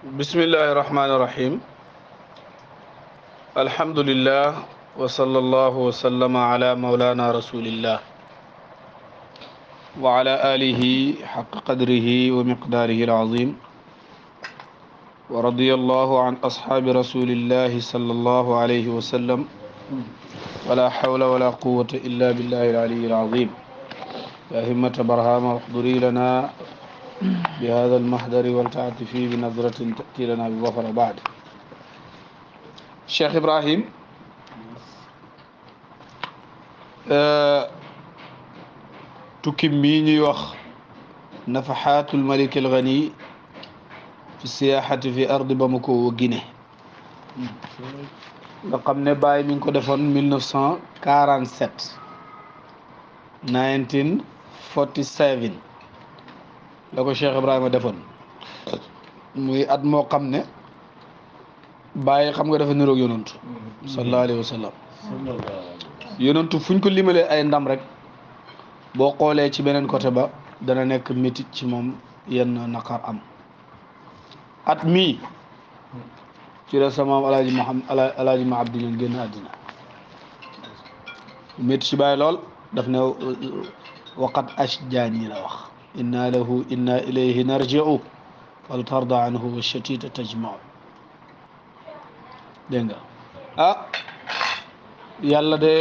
بسم الله الرحمن الرحيم الحمد لله وصلى الله وسلم على مولانا رسول الله وعلى آله حق قدره ومقداره العظيم ورضي الله عن أصحاب رسول الله صلى الله عليه وسلم ولا حول ولا قوة إلا بالله العلي العظيم يا همة برهام احضري لنا بهذا المحضر والتعد فيه بنظرة تأتي لنا بظفر بعد الشيخ إبراهيم آه، تكميني وخ نفحات الملك الغني في السياحة في أرض بمكو وغيني لقمنا باي من كدفن 1947 1947 la ko Cheikh Ibrahima defoon muy at moo xam ne bàyyi xam nga dafa niroog yonantu sallallahu alayhi wa sallam fuñ ko limalee ay ndam rek boo xoolee ci beneen côté ba dana nekk métit ci moom yenn naqar am at mi ci la sama maam alaaji Muhammad alaaji ma abdi leen génn àddina ci bàyyi lool daf ne waqat ashjaani la wax إنا له إنا إليه نرجع والترضى عنه والشتيت تجمع dégg nga ah yàlla de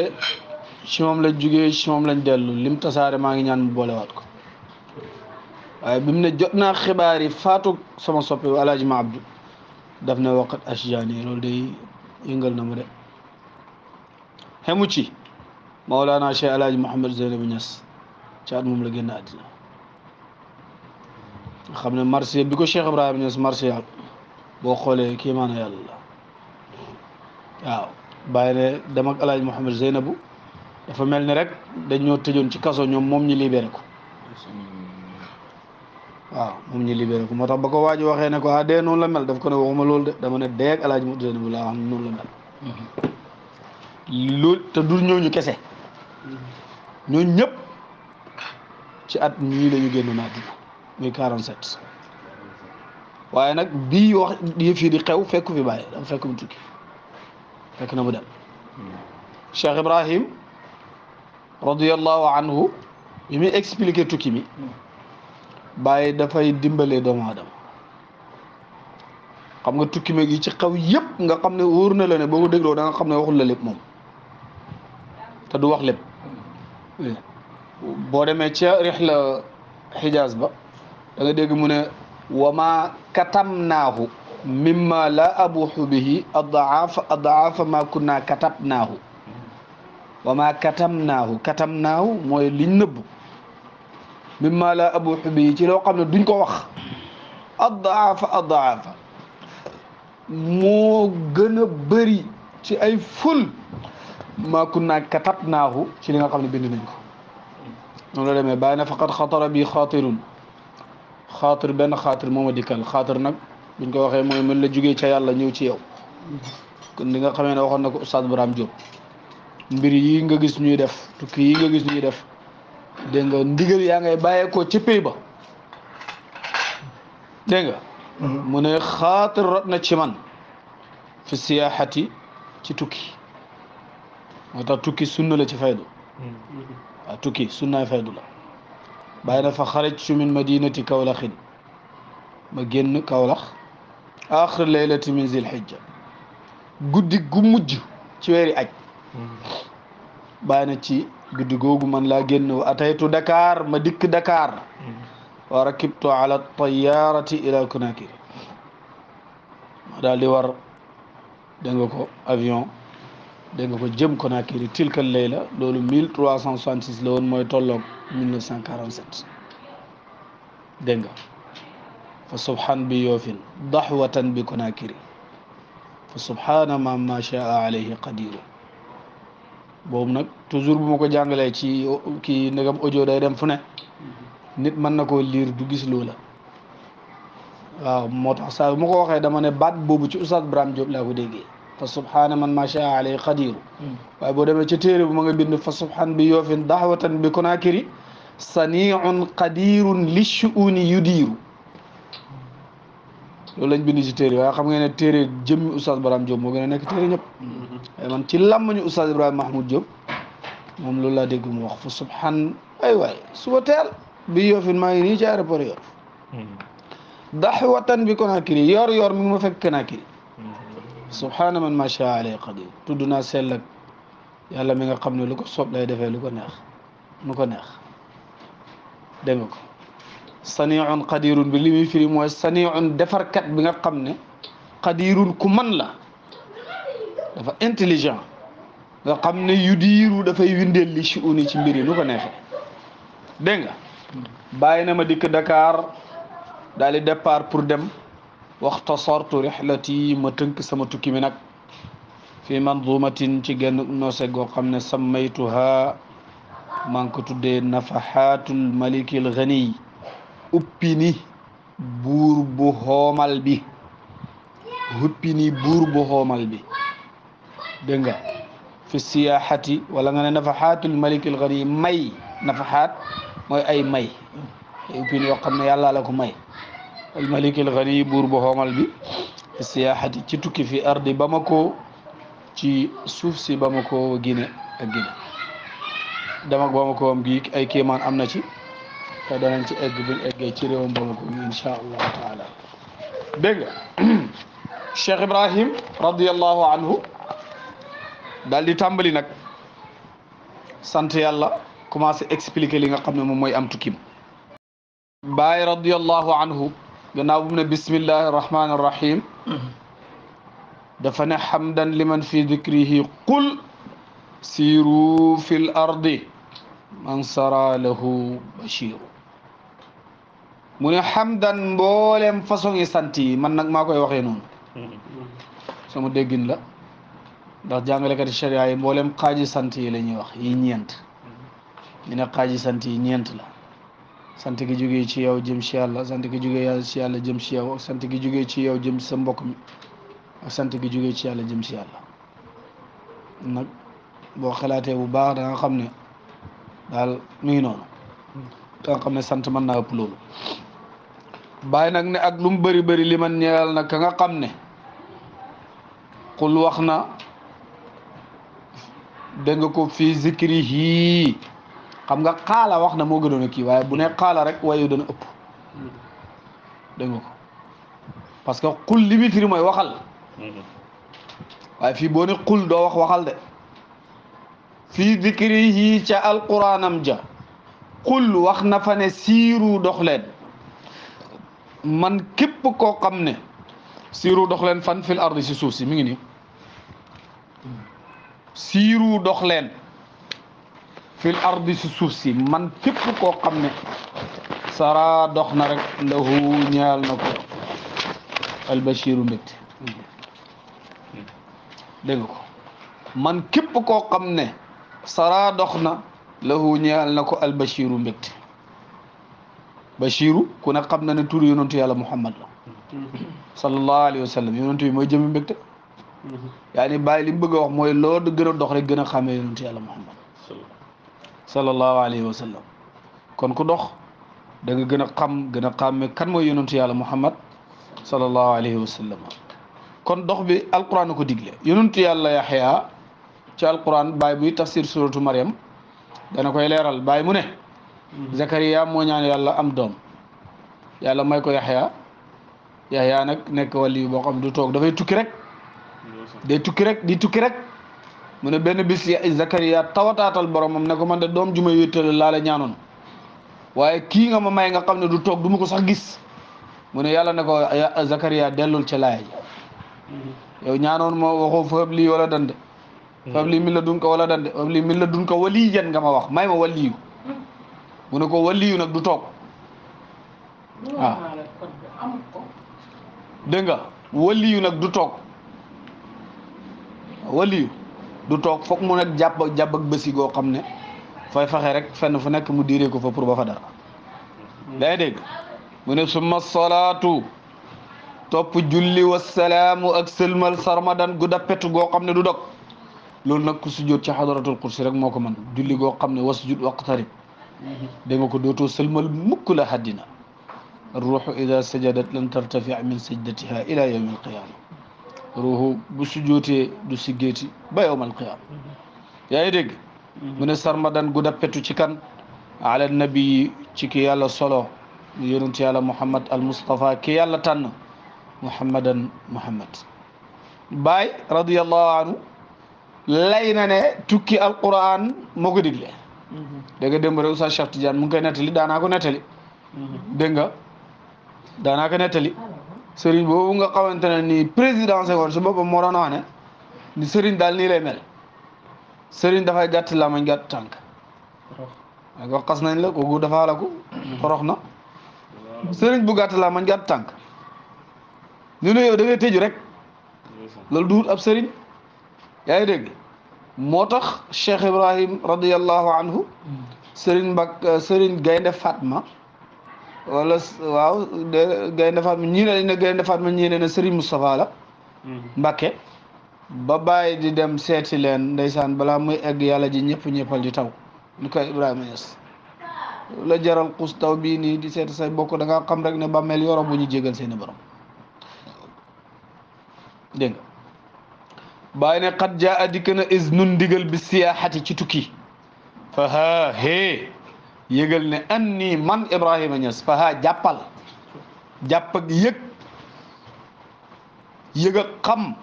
ci moom lañ jugee ci moom lañ dellu lim tasaare maa ngi ne jot naa faatu sama soppi alaaji ma abdu daf ne waqat ashjaani loolu day yëngal na ma de xemu ci maolaana cheikh alaaji mohamad zeynabu ñas ci at la génn àddina xam ne marsiya bi ko Cheikh Ibrahima Niass marsiya boo xoolee kii maana yàlla la waaw bàyyi ne dem ak alaaj Mouhamed Zeynabu dafa mel ni rek dañoo tëjoon ci kaso ñoom moom ñu libéré ko waaw moom ñu libéré ko moo tax ba ko waaj waxee ne ko ah dee noonu la mel daf ko ne waxuma loolu de dama ne dee ak alaaj Mouhamed Zeynabu laa xam noonu la mel loolu te du ñooñu kese ñooñu ñëpp ci at ñii la ñu génnoon àddina muy 47 waaye nag bii wax yëf yi di xew fekku fi bàyyi dafa fekk mu tukki fekk na mu dem Cheikh Ibrahim radiallahu anhu bi muy expliqué tukki mi bàyyi dafay dimbalee doomu aadama xam nga tukki meeg yi ci xaw yépp nga xam ne wóor na la ne boo ko dégloo da nga xam ne waxul la lépp moom te du wax lépp boo demee ca rixla xijaas ba da nga dégg mu ne wa ma katamnaahu mimma la abuxu bihi adaafa adaafa ma kunna katabnaahu wa ma katamnaahu katamnaahu mooy liñ nëbb mimma la abuxu bihi ci loo xam ne duñ ko wax adaafa adaafa moo gën a bëri ci ay ful ma kunna katabnaahu ci li nga xam ne bind nañ ko noonu la demee bàyyi na faqad xatara bi xaatirun xaatir benn xaatir moom ma dikkal xaatir nag buñ ko waxee mooy mën la jugee ca yàlla ñëw ci yow kon li nga xamee ne waxoon na ko Oustaz Braham Diop mbir yi nga gis ñuy def tukki yi nga gis ñuy def dégg nga ndigal yaa ngay bàyyeekoo ci pay ba dégg nga mm-hmm. mu ne xaatir rot na ci man fi siyaaxati ci tukki moo tax tukki sunna la ci faydu mm-hmm. waaw tukki sunnaay faydu la bàyyi na fa xarajtu min madinati kawlaxin ma génn kawlax axir laylati min zilhijja guddi gu mujj ci weeri aj bàyyi na ci guddi googu man laa génn wa ataytu dakar ma dikk dakar wa rakibtu ala tayaarati ila konakiri ma daal di war dégg nga ko avion dégg nga ko jëm Conakry tilkal layla loolu 1366 la woon mooy tolloog 1947 dégg nga fa subhaan bi yoofin daxwatan bi Conakry fa subhaana ma ma shaa alayhi qadiru boobu nag toujours bu ma ko jàngalee ci kii ndegam audio day dem fu nit mën na koo liir du gis loola waaw moo tax saa bu ko waxee dama ne baat boobu ci Oustaz Braham Diop laa ko déggee فسبحان من ما شاء عليه قدير وابو دمي تي تيري بما بين فسبحان بي يوفن دعوه بكناكري صنيع قدير للشؤون يدير لول لا بيني تيري وا خم غي تيري جيم استاذ برام جوم مو غي تيري نيب مان تي لام ني استاذ ابراهيم محمود جوم موم لول لا مو وخ فسبحان اي واي سو تيل بي يوفن ماي ني جاري بوريو دعوه بكناكري يور يور مي مفك كناكري سبحان من ما شاء عليه قدير تدنا سلك يا الله من قبل لك صوب لا يدفع لك نخ نك نخ دمك صنيع قدير بلي في المو صنيع دفر كات من قبل قدير كمن لا دفع انتليجنت nga xam ne yu diiru dafay windel li suuni ci mbir yi nu ko neexee dégg nga واختصرت رحلتي متنك سمتك منك في منظومة تجن نسجو قمنا سميتها من كتد نفحات الملك الغني أبني بورب هومال بي هبني بورب هومال في السياحة ولا نفحات الملك الغني مي نفحات مي أي مي أبني وقمنا يلا لكم مي almalik alxani buur bu xoomal bi siyaaxati ci tukki fi ardi Bamako ci suuf si Bamako Guinée ak Guinée dem ak Bamako am gi ay kéemaan am na ci te ci egg buñ eggee ci réewam Bamako gi insha allahu taala dégg nga Cheikh Ibrahim radiallahu anhu daal di tàmbali nag sant yàlla commencé expliquer li nga xam ne moom mooy am tukkim baay radiallahu anhu gannaaw bu mu ne bismillahi rahmaani rahim dafa ne xamdan liman fi dikrihi qul siiru fi l ardi man sara lahu bashiru mu ne xamdan mboolem façon yi sant yi man nag maa koy waxee noonu sama déggin la ndax jàngalekati sharia yi mboolem xaaji sant yi la ñuy wax yi ñeent ñu ne xaaji sant yi ñeent la sant gi jógee ci yow jëm ci yàlla sant gi jógee ci yàlla jëm ci yow sant gi jógee ci yow jëm ci sa mbokk mi ak sant ci yàlla jëm ci yàlla boo xalaatee bu baax da nga xam ne daal mi ngi noonu da nga xam ne sant man na ëpp loolu bàyyi nag ak lu mu bëri bëri li man ñeelal ka nga xam ne xul wax na dégg nga ko fii zikri yii xam nga kaala wax na moo gënoon a kii waaye bu ne xaala rek wayu dana ëpp dégg parce que xul li muy mooy waxal waaye fii boo ne doo wax waxal de fii dikri yi ca alquranam ja xul wax na fa ne siiru dox man képp koo xam ne siiru dox leen fan fil ardi si suuf si mi ngi nii siiru dox في الأرض سوسي من كيف كو خامن سارا دوخنا رك له نيال نكو البشير مت دغكو من كيف كو خامن سارا دوخنا له نيال نكو البشير مت بشيرو كنا خامن ن تور يونت يالا محمد صلى الله عليه وسلم يونت مي جيم مت يعني باي لي بغي واخ موي لو دغنا دوخ رك غنا خامي يونت يالا محمد sallallahu alayhi wa sallam kon ku dox da nga gën a xam gën a xàmme kan mooy yonentu yàlla muhammad sallallahu alayhi wa sallam kon dox bi alquran ko digle yonentu yàlla yaxya ci alquran baay buy tafsir suratu mariam dana koy leeral baay mu ne zakariya moo ñaan yàlla am doom yàlla may ko yaxya yaxya nag nekk wàlli yu boo xam du toog dafay tukki rek day tukki rek di tukki rek mu ne benn bis Zakariya tawataatal boromam ne ko man de doom juma ma wéttale laa waaye kii nga ma may nga xam ne du toog du ma ko sax gis mu ne yàlla ne ko Zakariya dellul ca laaya yow ñaanoon ma waxoo fab lii wala dande fab lii min la dun ko wala dande fab lii min la dun ko waliyan nga ma wax may ma waliyu mu ko waliyu nag du toog waaw ah. dégg nga nag du toog waliyu du tok foog mu nag jàpp jàpp ak bési go xamne fay faxe rek fenn fu nek mu diiree ko fa pour ba fa dara day deg mu ne summa salatu top julli wa salam ak sëlmal sarmadan gu dappetu goo xam ne du dok loolu nak ku sujud ci hadratul kursi rek moko man julli go xamne ne wasjud waqtarib de nga ko dootoo sëlmal mukk la haddina الروح إذا سجدت لن ترتفع من سجدتها إلى يوم القيامة ruuxu bu sujjootee du siggeeti ba yowmal qiyaama yaa ngi dégg mu ne sarmadan gu dappetu ci kan ala nabi ci ki yàlla solo yonent yàlla muhammad al ki yàlla tànn muhammadan muhammad baay radiallahu anhu lay na ne tukki alquran moo ko digle dégg nga démb rek Oustaz Cheikh nettali daanaa nettali mhm. dégg nga nettali sëriñ boobu nga xamante ne nii président Senghor si boppam moo doon ni sëriñ daal nii lay mel sëriñ dafay gàtt lamañ gàtt tànk ko xas nañ la kooku dafa la ko xorox na sëriñ bu gàtt lamañ gàtt tànk ñu ne yow da rek loolu duut ab sëriñ yaa ngi dégg moo tax Cheikh Ibrahim radiyallahu anhu sëriñ Mbak sëriñ Gaynde Fatma wala waaw de gaynde Fatma ñii na ne gaynde Fatma ñii ne la mm-hmm. Mbakke ba bàyyi di dem seeti leen ndeysaan balaa mooy egg yàlla ji ñëpp ñëppal di taw ñu koy Ibrahima Niass la jaral xus taw bii nii di seeti say bokk da nga xam rek ne bàmmeel yoro bu ñu jégal seeni borom dégg nga bàyyi ne xat jaa a na is nun ndigal bi siyaaxati ci tukki fa haa yëgal ne anni man Ibrahima Niass faha jàppal jàpp ak yëg yëg ak xam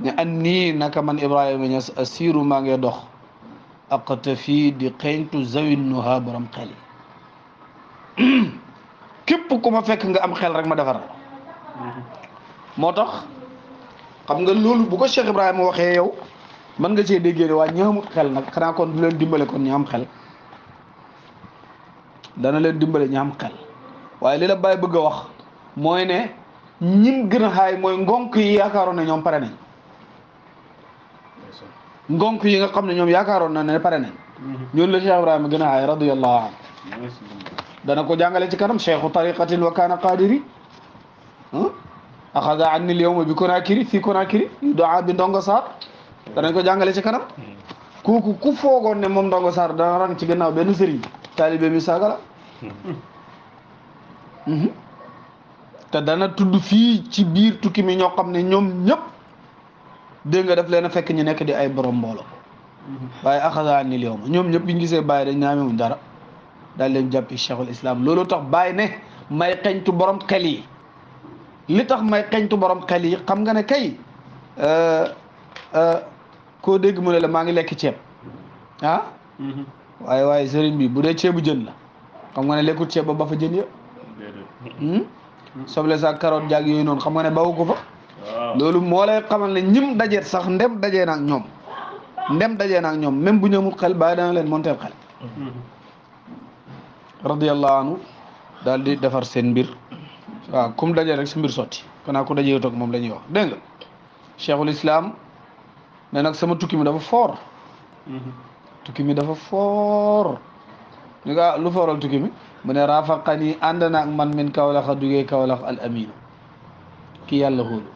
ne anni naka man Ibrahima asiru maa ngi dox aqtafi di xeeñtu zawin nuha borom xel yi képp ku ma fekk nga am xel rek ma defar moo tax xam nga loolu bu ko Cheikh Ibrahima waxee yow man nga déggee ne waa ñi xel nag xanaa kon du leen dimbale kon ñu am xel dana leen dimbale ñu am waaye li la bàyyi bëgg a wax mooy ne ñim gën a xaay mooy ngonk yi yaakaaroon ne ñoom pare nañ ngonk yi nga xam ne ñoom yaakaaroon na ne pare nañ ñoonu la Cheikh Ibrahima gën a xaay radiyallahu anhu dana ko jàngale ci kanam cheikhu tariqatin wa kana qadiri axada an ni lyowma bi Konakiri fii Konakiri doa bi ndongo Sarr danañ ko jàngale ci kanam kooku ku foogoon ne moom ndongo Sarr dana rang ci gannaaw benn sëriñ taalibe mi saaga la mhm. te dana tudd fii ci biir tukki mi ñoo xam ne ñoom ñëpp dégg nga def leen a fekk ñu nekk di ay borom mbooloo mhm. waaye axasaa ni ñëpp bi ñu gisee Baye ñaamewuñ dara daal leen jàppi cheikhul islam loolu tax Baye ne may xeñtu borom xel yi li tax may xeñtu borom xel yi xam nga ne kay euh, euh, koo dégg mu ne la maa ngi lekk ceeb ah mhm. waaye waaye sëriñ bi bu dee ceebu jën la xam nga ne lekkut ceeb ba ba fa jën ya hmm? soble sax carotte jaag yooyu noonu xam nga ne bawu ko fa loolu moo lay xamal ne ñim dajeet sax ndem dajee naag ñoom ndem dajee naag ñoom même bu ñëwul xel bàyyi dana leen monteel xel hmm. radiyallahu anu daal di defar seen mbir waaw kum daje rek si mbir sotti kanaa ku dajee toog moom la ñuy wax dégg nga cheikhul islam nag sama tukki mi dafa foor hmm. tukki mi dafa foor ñu lu fooral tukki mi mu ne man min kawlax a dugee kawlax al aminu ki yàlla xóolu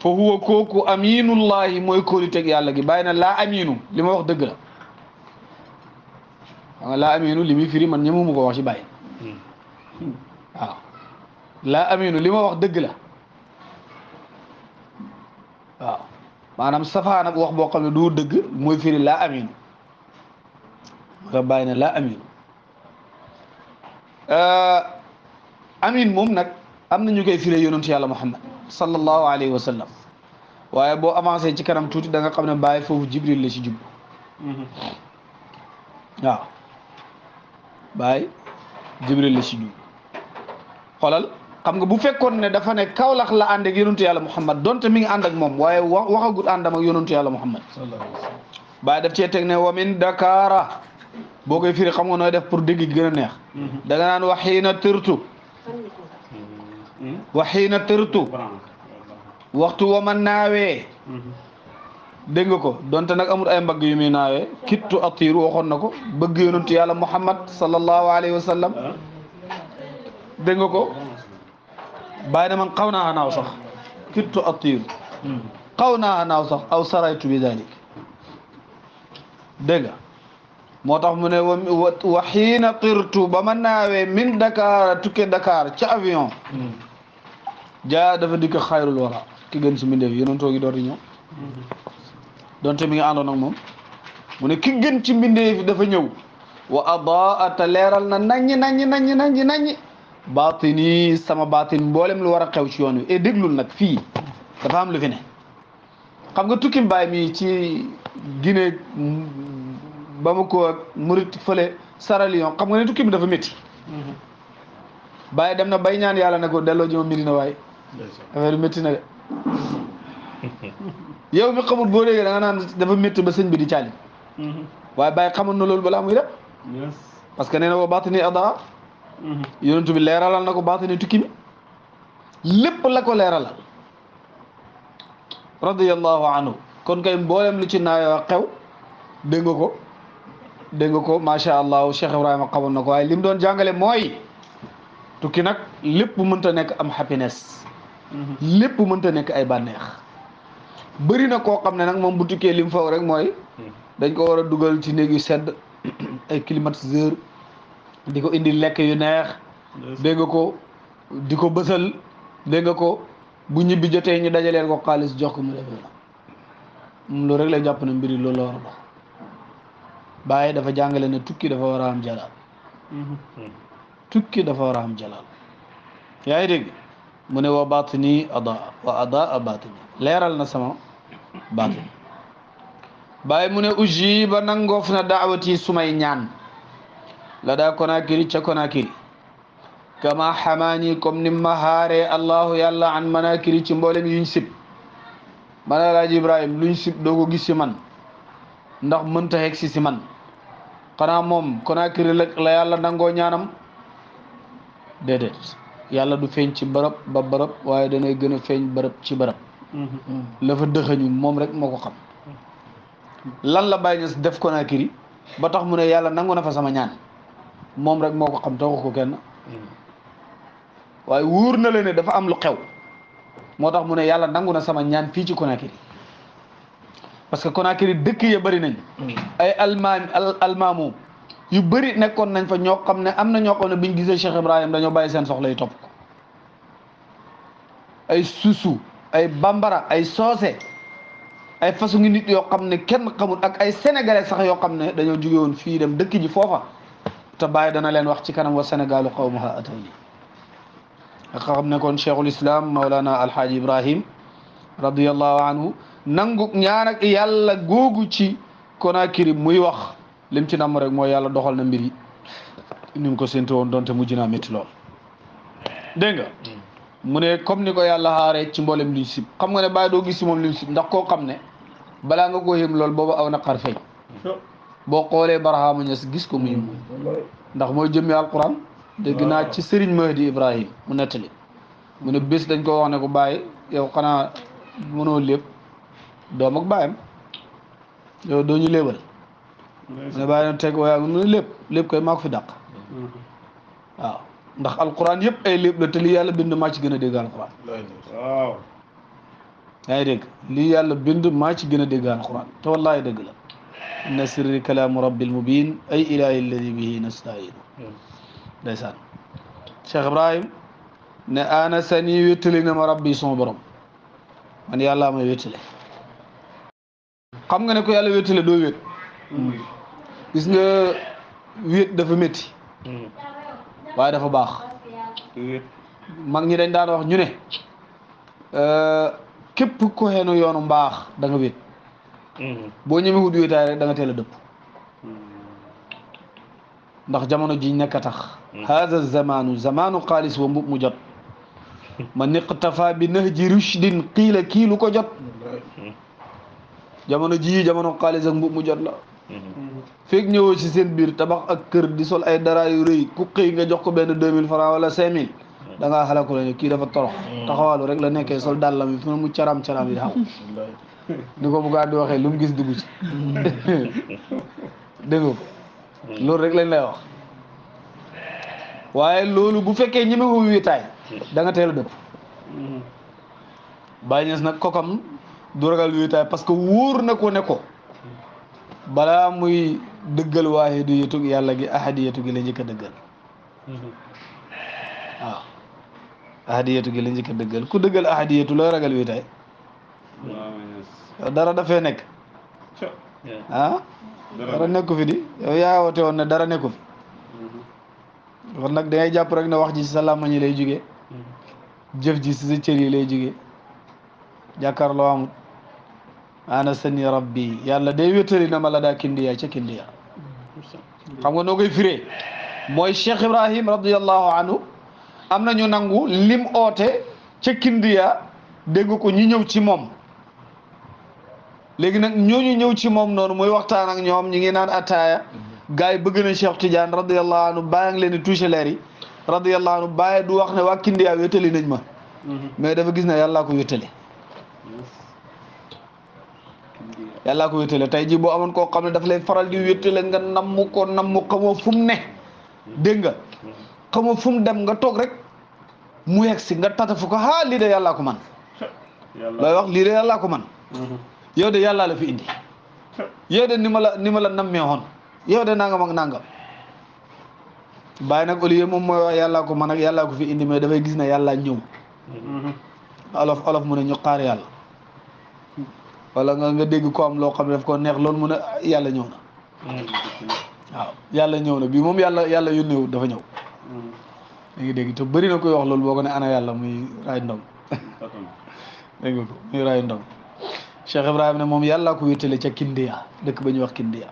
fa huwa kooku aminullahi mooy kóoli teg yàlla gi bàyyi na laa aminu li ma wax dëgg la xam nga laa aminu li muy firi man ñemu mu ko wax ci bàyyi hmm. aminu li wax dëgg manam safa nak wax bo xamne ne du dëgg mooy firi la amin moo tax bàyyi na laa amin mom nak amna ñu koy firee yonent yàlla muhammad sallallahu alayhi wa sallam waye bo avancer ci kanam tuti da nga xamne baye fofu jibril la ci jub waaw baye jibril la ci jub xolal xam nga bu fekkoon ne dafa ne kawlax la ànd ak yonentu yàlla muhammad donte mi ngi ànd ak moom waaye wax waxagut àndam ak yonentu yàlla muhammad bàyyi daf cee teg ne wa min dakara boo koy firi xam nga nooy def pour dégg gi gën a neex mhm. da nga naan waxiina tërtu mhm. waxiina tërtu waxtu wa man naawee mhm. dégg nga ko donte nag amul ay mbagg yu muy naawee kittu atiru waxoon na ko bëgg yonentu yàlla muhammad sallallahu alayhi wa sallam ah. dégg ko bàyyi na man xaw naa naaw sax kittu atiir hmm. xaw naa naaw sax aw saraytu bi dalik dégg moo tax mu ne wa xiina qirtu ba ma naawee min Dakar tukke Dakar ca avion hmm. jaa dafa dikk xayrul wara ki gën si mbindeef yénoon toogi dooti ñëw hmm. donte mi ngi àndoon moom mu ne ki gën ci mbindeef dafa ñëw wa adaa ta leeral na naññi naññi naññi baatin yi sama baatin mboolem lu war a xew ci yoon wi et eh, déglul nag fii dafa am lu fi ne xam nga tukki baay mi ci Guinée ba ma ko murit fële Sierra Leone xam nga ne tukki dafa métti bàyyi dem na bay ñaan yàlla ne ko delloo ji ma Medina waaye affaire métti na de yow mi xamul boo déggee da nga naan dafa métti ba sëñ bi di caali mm-hmm. waaye bàyyi xamoon na loolu balaa muy def parce que nee na boo baatini adaa Mm-hmm. yonentu bi leeralal na ko baatini tukki mi lépp la ko leeralal radiyallahu anhu kon kay mboolem lu ci naayoo xew dégg nga ko dégg nga ko macha allah Cheikh Ibrahima xamoon na ko waaye li mu doon jàngale mooy tukki nag lépp mënta nekk am happiness mm-hmm. lépp mënta nekk ay bànneex bëri na koo xam ne nag moom bu tukkee lim faw rek mooy mm-hmm. dañ ko war a dugal ci néeg yu sedd ay climatiseur di ko indi lekk yu neex dégg ko di ko bësal dégg ko bu ñibbi jotee ñu dajaleen ko xaalis jox ko mu defee la moom loolu rek lay jàpp ne mbir yi loolu la war a dafa jàngale ne tukki dafa war a am jalaal mm-hmm. tukki dafa war a am jalaal yaa ngi dégg mu ne wa baatini adaa wa adaa a baatini leeral na sama baatini bàyyi mu ne ba nangoof na daawati sumay ñaan ಲಡಾ ಕೊನಾಕಿರಿ ಚಕೊನಾಕಿರಿ ಕಮ ಹಮಾನಿ ಕೊಮ್ ನಿಮ್ಮ ಹಾರೆ ಅಲ್ಲಾಹು ಎಲ್ಲ ಅನ್ಮನ ಕಿರಿ ಚಿಂಬೋಲೆಮ್ mana malalaaj ibrahim luñ sib doo ko gis si man ndax mënta xeg si si man xanaa moom konaakiri la la yàlla du feeñ ci barab ba barab waaye barap cibarap. a feeñ mom ci mm-hmm. la fa rek moo ko xam lan la bàyyi muna def konaakiri ba tax mu ne fa sama ñaan moom rek moo ko xam taxu ko kenn waaye wóor na la ne dafa am lu xew moo tax mu ne yàlla nangu na sama ñaan fii ci Conakry parce que Conakry dëkk ye bari nañ mm. ay almaam almaamu yu bari nekkoon nañ fa ñoo xam ne am na ñoo xam ne biñ gisee Cheikh Ibrahim dañoo bàyyi seen soxla yi topp ko ay susu ay bambara ay soose ay façon ngi nit yoo xam ne kenn xamul ak ay sénégalais sax yoo xam ne dañoo jóge woon fii dem dëkk ji foofa te bàyyi dana leen wax ci kanam wa sénégalu qawmuha atawni nga xam ne kon cheikhul islam maulana alhaaji ibrahim radiallahu anhu nangu ñaan ak yàlla googu ci Conakry muy wax lim ci namm rek mooy yàlla doxal na mbir yi ni mu ko séntu woon donte mujj naa métti lool dégg nga mu ne comme ni ko yàlla xaaree ci mboolem liñ sib xam nga ne bàyyi doo gis si moom liñ sib ndax koo xam ne balaa nga ko yëm lool boobu aw na xar feeñ boo xoolee Barhama si gis ko muy ndax mooy jëmmi alquran dégg naa ci Serigne Mahdi Ibrahim mu nettali mu bés dañ ko wax ne ko bàyyi yow xanaa mënoo lépp doom ak bàyyam yow doo ñu léebal mu na teg waaye mu ne lépp lépp koy maa ko fi dàq waaw ndax alquran yëpp ay lépp la te li yàlla bind maa ci gën a dégg alquran waaw ngi dégg lii yàlla bind maa ci gën a dégg alquran te wallaahi dëgg la inna sirri kalaamu rabbil mubin ay ilaahi alladi bihi nastainu ndeysaan Cheikh Ibrahim ne ana sani wéttali rabbi sama borom man yàlla may wéttale xam nga ne ko yàlla wéttale doo wét gis nga wéet dafa métti waaye dafa baax mag ñi dañ daan wax ñu ne képp ko xeenu yoonu mbaax da nga wét Mm. boo ñemee wut wéetaay rek da nga a dëpp mm. ndax jamono ji nekk tax mm. haada zamanu zamanu xaalis wa mbub mu jot ma niqtafa bi ji rushdin qiila kii lu ko jot jamono ji jamono xaalis ak mbub mu jot la fekk ñëwoo ci seen biir tabax ak kër di sol ay dara yu rëy ku xëy nga jox ko benn deux mille francs wala cinq mille da ngaa xalaku kii dafa torox taxawaalu rek la nekkee sol dàllam yi mu caram-caram yi xaw ni ko buggaa di waxee lu mu gis dugg ci loolu rek lañ lay wax waaye loolu bu fekkee ñi ma danga taay teel a dëpp bàyyi ñes nag kokam du ragal wii parce que wóor na ko ne ko balaa muy dëggal waaxidu yetu yàlla gi ahadiyatu gi la njëkk a gi la njëkk a dëggal ku dëggal ahadiyatu la ragal wii yow dara dafee nekk ah dara nekku fi yow yaa woote woon ne dara nekku fi mm-hmm. kon nag da jàpp rek ne wax ji si sa làmmañ yi lay jugee mm-hmm. jëf ji si sa cër yi lay jugee jàkkaarloo amut ana sani rabbi yàlla day wéttali na ma la daa kindiya ca kindiya mm-hmm. xam nga noo koy firee mooy Cheikh Ibrahim radiallahu anhu am na ñu nangu lim oote ca kindiya dégg ko ñu ñëw ci moom léegi nag ñooñu ñëw ci moom noonu mooy waxtaan ak ñoom ñi ngi naan ataaya gars yi bëgg na Cheikh Tidiane radiyallahu anhu bàyyi ngi leen di touché leer yi radiyallahu anhu bàyyi du wax ne waa Kindiya wétali nañ ma mm-hmm. mais dafa gis na yàllaa ko wétali yàllaa ko tey jii boo amoon koo xam ne daf lay faral di wétale nga namm ko namm xamoo fu mu ne dégg nga mm-hmm. xamoo fu mu dem nga toog rek mu yegg si nga tatafu ko haa lii de yàllaa ko man looy wax lii de yàllaa ko man mm-hmm. yow de yàllaa la fi indi yow de ni ma la ni ma la nammee woon yow de nangam ak nangam bàyyi nag au lieu moom mooy wax yàllaa ko man ak yàllaa ko fi indi mais dafay gis ne yàllaa ñëw mu ne ñu xaar yàlla wala nga dégg ko loo xam ne daf ko neex loolu mu ne yàlla ñëw na yàlla ñëw na bii moom yàlla yàlla yónneewut dafa ñëw da ngi dégg te bëri koy wax loolu boo ko ne ana yàlla muy raay ndong muy raay ndong Cheikh Ibrahima ne moom yàllaa ko wéttale ca Kindiya dëkk ba ñuy wax Kindiya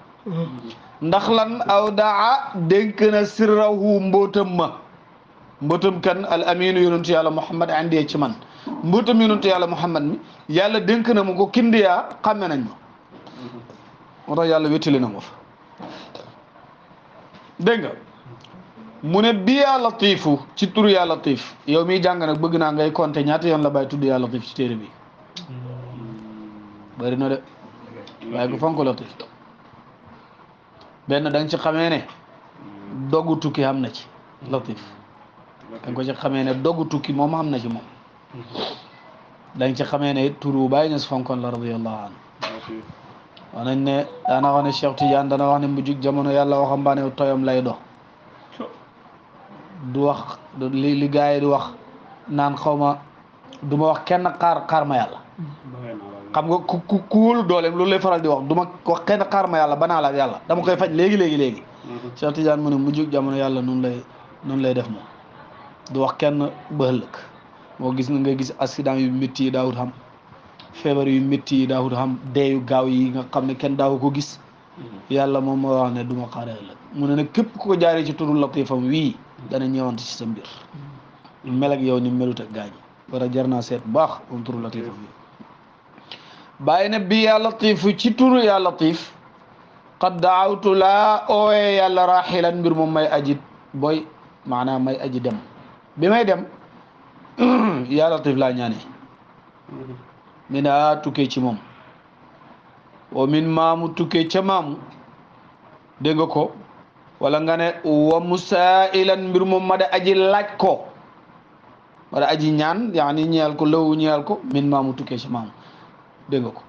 ndax lan aw daa dénk na sirrahu mbootam ma mbootam kan al aminu yonentu yàlla Muhammad andee ci man mbootam yonentu yàlla Muhammad mi yàlla dénk na ma ko Kindiya xàmme nañ ma moo tax yàlla na ma fa mu ne bi latifu ci tur yaa latif yow mi jàng nag bëgg naa ngay compter ñaata yoon la bàyyi tudd latif ci téere bi bëri na de waaye gu fonk la benn da ci xamee ne dogu tukki am na ci latif da ko ci xamee ne dogu tukki moom am na ci moom da ci xamee ne tur bu bàyyi ñes fonkoon la radiallahu anhu wax nañ ne daana wax ne Cheikh Tidiane dana wax ne mu jug jamono yàlla waxambaane toyam lay dox du wax li li gars di wax naan xaw ma du ma wax kenn xaar xaar ma yàlla xam nga ku ku ku wóolu dooleem loolu lay faral di wax duma ma kenn xaar ma yàlla banaa la ak yàlla dama koy faj léegi léegi léegi. Mm-hmm. Cheikh Tidiane mu ne mu jamono yàlla noonu lay noonu lay def moom du wax kenn ba ëllëg moo gis na nga gis accident yu métti yi daawut xam feebar yu métti yi daawut xam dee gaaw yi nga xam ne kenn daawu ko gis. Mm-hmm. yàlla moom moo wax ne du ma xaar ëllëg mu ne nag képp ku ko jaaree ci turu latifam wii mm-hmm. dana ñëwante ci sa mbir. mel ak yow ni melut ak gaañ. war a jar naa seet bàyyi ne bi ya latifu ci turu ya latif qad daawtu o oowee yàlla rahilan bir moom may ajid boy manam may aji dem bi may dem ya latif la ñaane mina tuke ci mom o min mamu tuke ci maamu de nga ko wala nga ne wa musailan bir ma da aji laj ko wala aji ñaan yani ñeal ko lewu ñeal ko min mamu tukecimam. ci dégg nga ko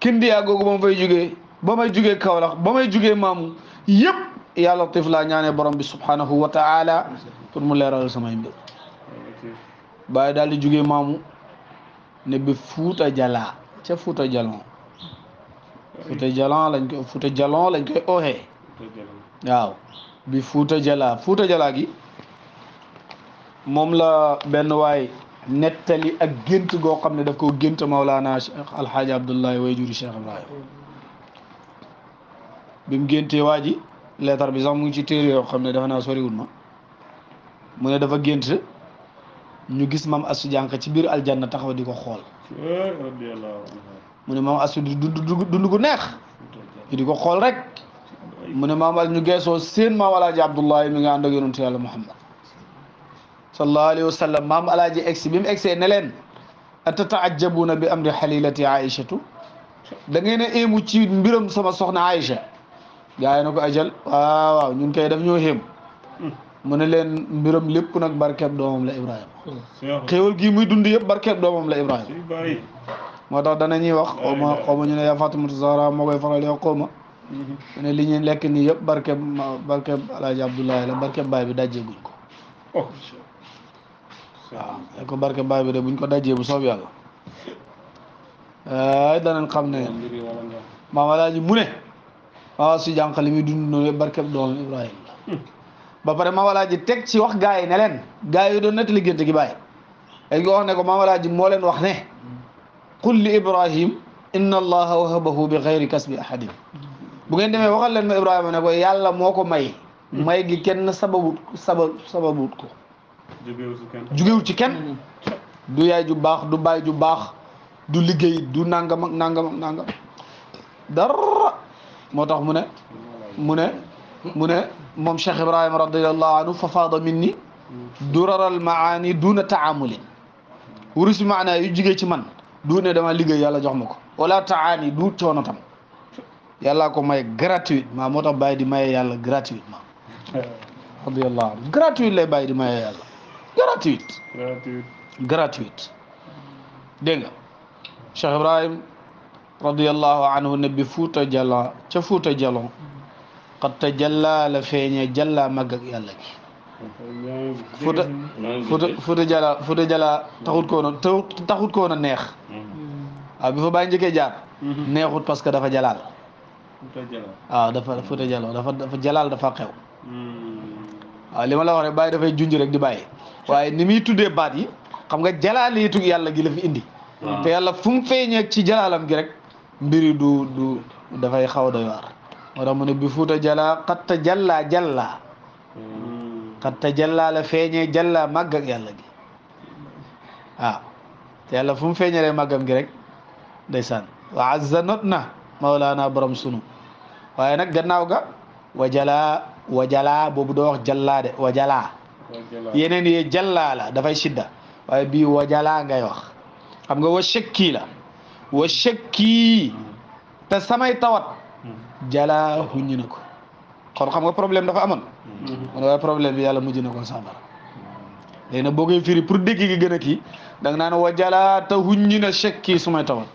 kindiyaa googu ba fay jugee ba may jugee Kaolack ba may jugee maamu yëpp yaa latif laa ñaanee borom bi subhanahu wa taala pour mu leeral samay mbir bàyyi daal di jugee maamu ne bi Fuuta Jalaa ca Fuuta Jalon Fuuta lañ koy Fuuta lañ koy waaw bi Fuuta jala Fuuta Jalaa gi moom la benn waay netali ak gentu go xamne ne daf koo gént maolana alxaaji abdullahi abdullah wayjuri cheikh ibrahim bim mu waji waa bi sax mu ngi ci téere yo xamne ne na sori wul ma mu ne dafa gént ñu gis mam asu jank ci al aljanna taxaw diko xol xool mu ne mam asu du du du gu neex ñu di ko rek mu ne maam ñu geesoo seen maam alaaji abdullahi mi nga ànd ak yonentu muhammad sallallahu alayhi wa sallam maam alaaji egsi bi mu egsee ne leen atataajabuuna bi amri xalilati aïchatu da ngeen a éemu ci mbiram sama soxna aïcha gaa yi ko ajal waaw ñun koy daf ñoo xéem mu ne leen mbiram lépp nag barkeeb doomam la ibrahima xéewal gii muy dund yëpp barkeeb doomam la ibrahima moo tax danañuy wax xawma xawma ñu ne Fatimatu Zahra moo koy faral yow xawma ne li ñuy lekk nii yëpp barkeeb barkeeb alaaji la barkeeb baay bi dajjeeguñ ko oh, waaw ko barke baay bi de buñ ko dajee bu soob yàlla ay eh, danañ xam ne maam alaaji mu ne maam su li muy dund noonu barkeb doom Ibrahima la ba pare maam teg ci wax gaa yi ne leen gaa yi doon nettali gént gi bàyyi dañ ko wax ne ko maam alaaji moo leen wax ne qul li Ibrahim inna allaha wahabahu bi xayri kasbi ahadin bu ngeen demee waxal leen ma Ibrahima ne ko yàlla moo ko may hmm. may gi kenn sababut sabab sababut ko jugewu ci kenn jugewu ci kenn mm-hmm. du yaay ju baax du baay ju baax du liggéey du nangam ak nangam ak nangam dara moo tax mu ne mu ne mu ne moom Cheikh Ibrahima radiallahu anhu fa faada minni duraral maani duuna taamulin wurus maanaa yu jugee ci man du ne dama liggéey yàlla jox ma ko wala taani du coono tam yàlla ko may gratuitement moo tax bàyyi di maye yàlla gratuitement eh. radiallahu anhu gratuit lay bàyyi di maye yàlla gratuite. gratuite gratuite dégg nga Cheikh Ibrahim radiallahu anhu ne bi Fuuta Jalla ca Fuuta Jalon xat ta Jalla la feeñee Jalla màgg ak yàlla gi. Fuuta Fuuta Fuuta Jalla Fuuta Jalla taxut koo na taxut koo na neex. waaw bi fa bàyyi njëkkee jaar. neexut parce que dafa jalaal. waaw dafa Fuuta Jalon dafa dafa jalaal dafa xew. waaw li ma la wax rek bàyyi dafay junj rek di bàyyi. waye ni mi tuddé baat yi xam nga tu yalla gi la fi indi te yalla fum mu feeñee ci jalaalam gi rek mbiri du du fay xaw a doy waar moo tax bi futa jala xatta jalla jalla hmm. xatta jalla la feñe jalla màgg ak yàlla gi ah te yalla fum feñe feeñalee magam gi rek ndaysan wa azza na sunu waye nak gannaaw ga wajala wajala bobu do wax jalla de wajala yeneen yi jalla la dafay sidda waaye bii wa ngay wax xam nga wa shakki la wa shakki te samay tawat jala huñu na ko kon xam nga problème dafa amoon mun waaye problème bi yàlla mujj na ko sàmbara léegi nag boo koy firi pour dégg gi gën a kii da nga naan wa jala te huñu na shakki sumay tawat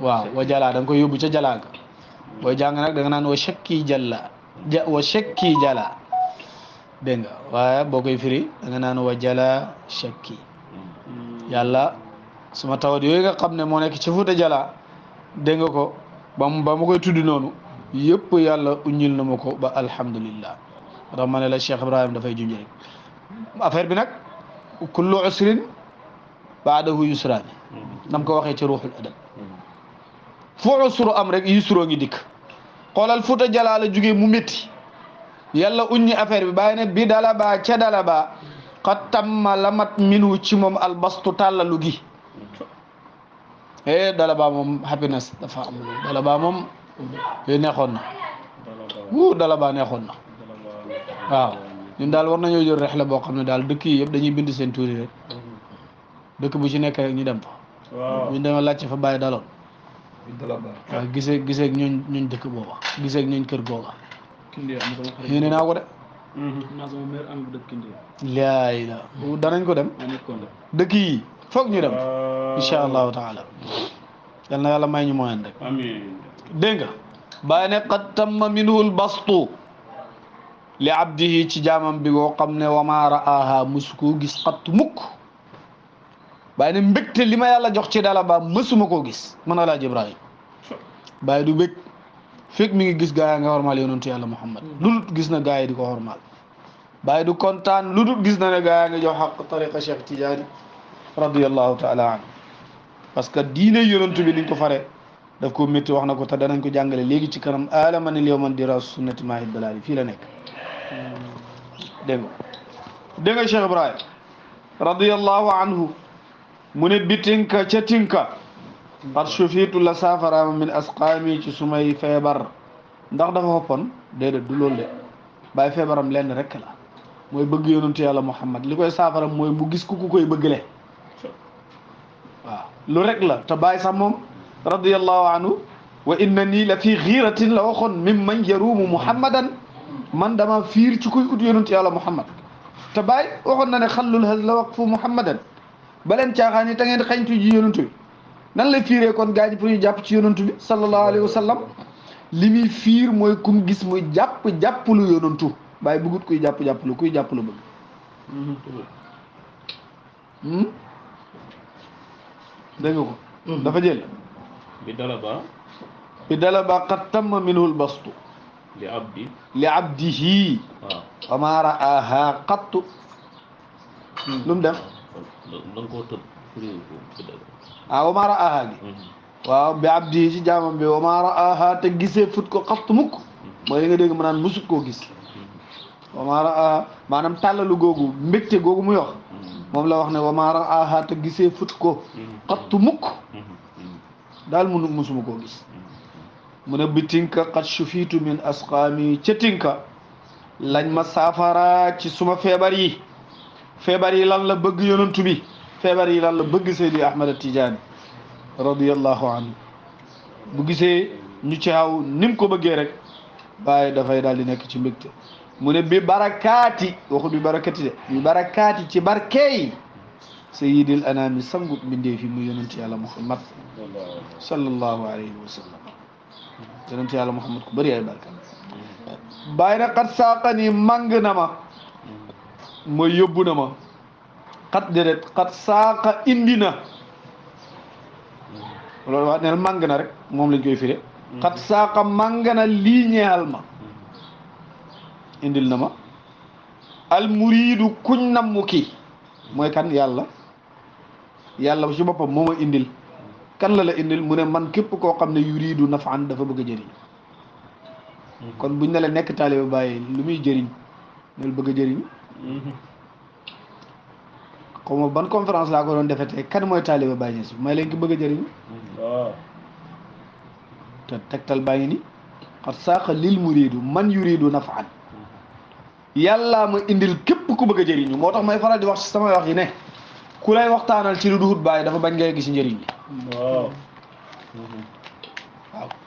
waaw wa jala da nga koy yóbbu ca jala ga booy jàng nag da nga naan wa shakki jalla wa shakki jala deng nga waaye boo koy firi da nga naan wa jala shakki yàlla suma tawat yooyu nga xam ne moo nekk ci futa Jala dégg ko ba mu ba mu koy tudd noonu yëpp yàlla uññil na ma ko ba alhamdulillah tax ma ne la Cheikh Ibrahima dafay junj rek affaire bi nag kullu usrin baadahu yusra nam ko waxee ci ruuxul adab fu usru am rek yusro ngi dikk xoolal futa Jala la jugee mu métti yàlla uññi affaire bi bàyyi ne bi dala ba ca dala ba xat tamma lamat minu ci moom albastu tàllalu gi eh dala ba moom happiness dafa dala ba moom eh, neexoon na wuu dala ba neexoon na waaw ñun daal war nañoo jël rex la boo xam ne daal dëkk yi yëpp dañuy bind seen tuuri rek bu ci nekk rek ñu dem fa ñu fa bàyyi daloon waaw gisee gisee ñooñ dëkk booba gisee ñooñ kër googa Kindeya mu sama xarit yéene naa ko de naa sama mère am dëkk Kindeya laay la danañ ko dem dëkk yi foog ñu dem insha allahu taala yal na yàlla may ñu moyen rek dégg nga bàyyi ne qad tamma minhu lbastu li abdihi ci jaamam bi goo xam ne wama ra'aha musuko gis xatt mukk bàyyi ne mbégte li ma yàlla jox ci dala ba mësuma koo gis mën a laaj Ibrahima du bég fekk mi ngi gis gaa yi nga xormaal muhammad mm. lu gis na gaa ko xormaal bàyyi du kontaan lu dul gis na ne gaa yi nga jox xaq tariqa Cheikh Tidiane radiallahu taala anhu parce que diine yonentu bi niñ ko fare da ko métti wax na ko te danañ ko jàngale léegi ci kanam alama ni yow man dira sunnati maahid balaali fii la nekk mm. dégg nga dégg nga Cheikh mu ne bitinka ca tinka فرشفيت لا سافر من اسقامي تي سمي فيبر داك دا هوبون ديد دو لول دي باي فيبرام لين رك لا موي بوج يونت يالا محمد ليكوي سافر موي مو غيس كوكو كوي بوج لي وا لو رك لا تا باي سام رضي الله عنه وانني لفي غيره لو خن ممن يروم محمدا من دما فير تي كوي اوت يونت محمد تا باي وخون ناني خلل محمدا بلن تياخاني تا نين جي يونتو nan la fiiree kon gars yi pour ñu jàpp ci yonantu bi sallallahu alayhi wa sallam li muy fiir mooy kum gis muy jàpp jàppalu yonantu bàyyi bëggut kuy jàpp jàppalu kuy jàpp la bëgg. Hmm? dégg nga ko. Hmm. dafa jël. bi dalaba. bi dalaba qad tamma minhul bastu. li abdi. li abdihi. waaw wa maa ra'aahaa qattu. Hmm. lu mu def. da nga koo tëb. ah wa maa ra'aahaa gi mm-hmm. waaw bi abdi ci jaamam bi wa maa ra'aahaa fut ko xattu mukk mm-hmm. mooy li nga dégg naan musut koo gis mm-hmm. wa maa ra'aahaa maanaam tàllalu googu mbégte googu muy wax moom la wax ne wa maa ra'aahaa gisee fut ko xattu mukk daal munu musuma koo gis mu ne bitinka xat sufiitu min asqaami ca lañ ma saafara ci suma feebar yi feebar yi lan la bëgg yonantu bi feebar yi lan la bëgg Seydi Ahmad Tijaani radiyallahu anhu bu gisee ñu ci xaw nim ko bëgge rek bàyyi dafay daal di nekk ci mbégte mu ne bi barakaati waxu bi barakaati de bi barakaati ci barkeey sayyidil anaami sangu mbindee fi mu yonent yàlla muhammad sallallahu alayhi wa sallam yonent muhammad ku bëri ay barka bàyyi na xat saaqani màng na ma mooy yóbbu na ma xat déedéet xat saaqa indi na loolu wax neel màng na rek moom lañ koy firé xat saaqa màng na lii ñeexal ma indil na ma al muriidu kuñ nammu kii mooy kan yàlla yàlla si boppam moo ma indil kan la la indil mu ne man képp koo xam ne yuriidu nafaan dafa bëgg a jëriñ hmm. kon buñ ne la nekk taaliba bàyyi lu muy jëriñ nel bëgg jëriñ hmm. xaw ma ban conférence laa ko doon defee tey kan mooy taalibe Baay Ñas may leen ki bëgg a jëriñu te tegtal baa ngi ni xat saaqa lil muriidu man yuriidu nafaan yàllaa ma indil képp ku bëgg a moo tax may faral di wax si samay wax yi ne ku lay waxtaanal ci lu duhut bàyyi dafa bañ ngay gis njëriñ li waaw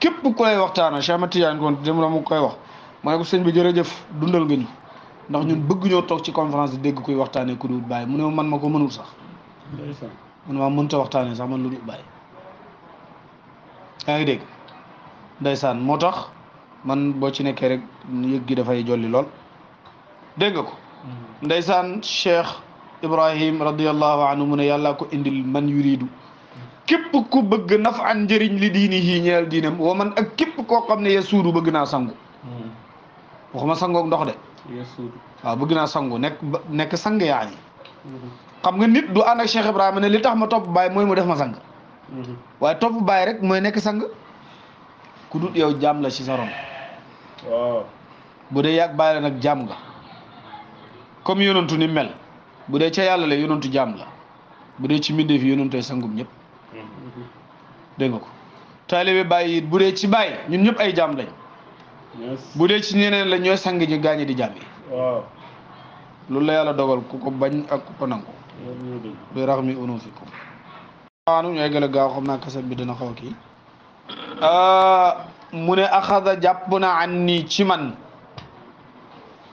képp ku lay waxtaanal Cheikh Matidiane kon dem la mu koy wax ma ne ko sëñ bi jërëjëf dundal nga ñu ndax ñun bëgguñoo toog ci conférence dégg kuy waxtaanee ku dul baay mu ne man ma ko mënul sax man maa mënta waxtaanee sax man lu dul bàyyi yaa ngi dégg ndeysaan moo tax man boo ci nekkee rek yëg gi dafay jolli lool dégg nga ko mm-hmm. ndeysaan cheikh ibrahim radiallahu anhu mu ne yàlla ko indi man yuridu képp ku bëgg naf an njëriñ li diini yi ñeel diinam wa man ak képp koo xam ne ya suudu bëgg naa sangu mm-hmm. waxuma sangoog ndox de bëgg naa sangu nekk nekk sang yaa mm-hmm. nga nit du ànd ak Cheikh Ibrahima ne li tax ma topp baay mooy mu def ma sang mm-hmm. waaye topp baay rek mooy nekk sang ku yow jaam la ci sa bu dee yàgg baay nag jaam nga comme yonantu bu dee ca yàlla la yonantu jaam la bu dee ci mbindee fi yonantooy sangum ñëpp mm-hmm. dégg nga ko taalibe baay bu dee ci baay ñun ñëpp ay jaam lañ bu dee ci ñeneen la ñooy sang ji gaañi di jàmbi waaw loolu la yàlla dogal ku ko bañ ak ku ko nangu bi rax mi unu fi ko waanu ñu eggale gaaw xam naa kasab bi dina xaw kii ah, mu ne axada jàpp na an nii ci man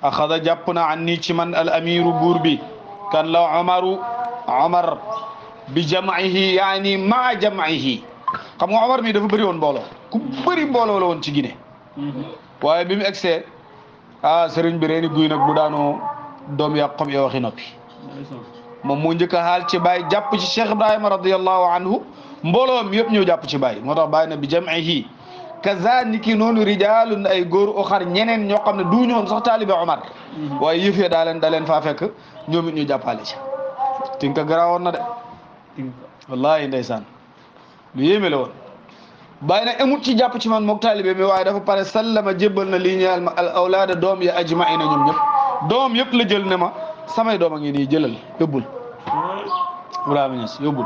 axada jàpp na an nii ci man al amiru buur bi kan la omaru omar bi jamaihi yaani maa jamaihi xam nga omar mi dafa bëri woon mbooloo ku bëri mbooloo la woon ci Guinée mm-hmm. waaye bi mu egsee ah sëriñ bi reeni guy nag bu daanoo doom yaa xob ya waxi noppi moom moo njëkk a ci baay jàpp ci Cheikh Ibrahima radiyallahu anhu mbooloom yëpp ñëw jàpp ci baay moo tax baay na bi jam'ihi kaza niki noonu rijaalun ay góor u xar ñeneen ñoo xam ne du ñoon sax taalibe Omar mhm. waaye yëf ya daa leen daa leen fekk ñoom it ñu jàppale ci tinka garaawoon na de wallaahi ndeysaan lu yéeme la woon baay na amut ci jàpp ci man mook taalibe mi waaye dafa pare sallama jébbal na lii ñeel ma al awlaada doom ya ajmaina ñoom ñëpp doom yëpp la jël ne ma samay doom a ngi nii jëlal yóbbul Ibrahima Niass yóbbul